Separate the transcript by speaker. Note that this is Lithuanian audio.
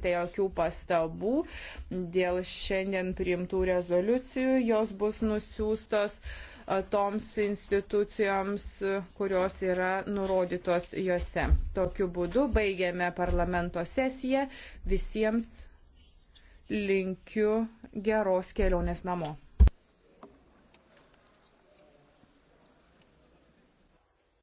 Speaker 1: Tai jokių pastabų dėl šiandien priimtų rezoliucijų, jos bus nusiūstos toms institucijoms, kurios yra nurodytos juose. Tokiu būdu baigiame parlamento sesiją. Visiems linkiu geros kelionės namo.